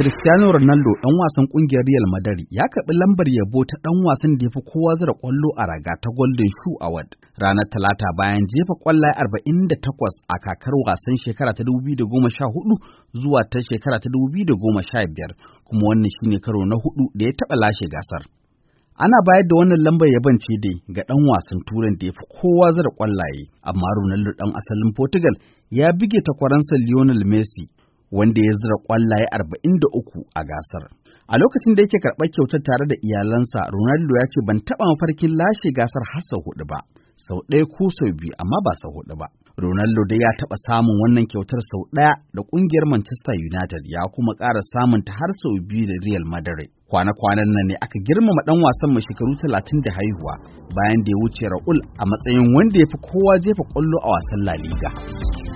Cristiano Ronaldo ɗan wasan ƙungiyar Real Madrid ya karɓi lambar yabo ta ɗan wasan da ya fi kowa zira ƙwallo a raga ta Golden Shoe Award ranar Talata bayan jefa ƙwallaye takwas a kakar wasan shekara ta 2014 zuwa ta shekara ta biyar, kuma wannan shine karo na hudu da ya taɓa lashe gasar. Ana bayar da wannan lambar yaban ce dai ga ɗan wasan turan da ya fi kowa zira ƙwallaye, amma Ronaldo ɗan asalin Portugal ya bige takwaransa Lionel Messi wanda ya zira kwallaye uku a gasar. A lokacin da yake karɓar kyautar tare da iyalansa, Ronaldo ya ce ban taɓa mafarkin lashe gasar har sau hudu ba, sau ɗaya ko sau biyu amma ba sau hudu ba. Ronaldo dai ya taɓa samun wannan kyautar sau ɗaya da ƙungiyar Manchester United ya kuma ƙara samun ta har sau biyu da Real Madrid. Kwana-kwanan nan ne aka girmama ɗan wasan mai shekaru talatin da haihuwa bayan da ya wuce Raul a matsayin wanda ya fi kowa jefa ƙwallo a wasan La Liga.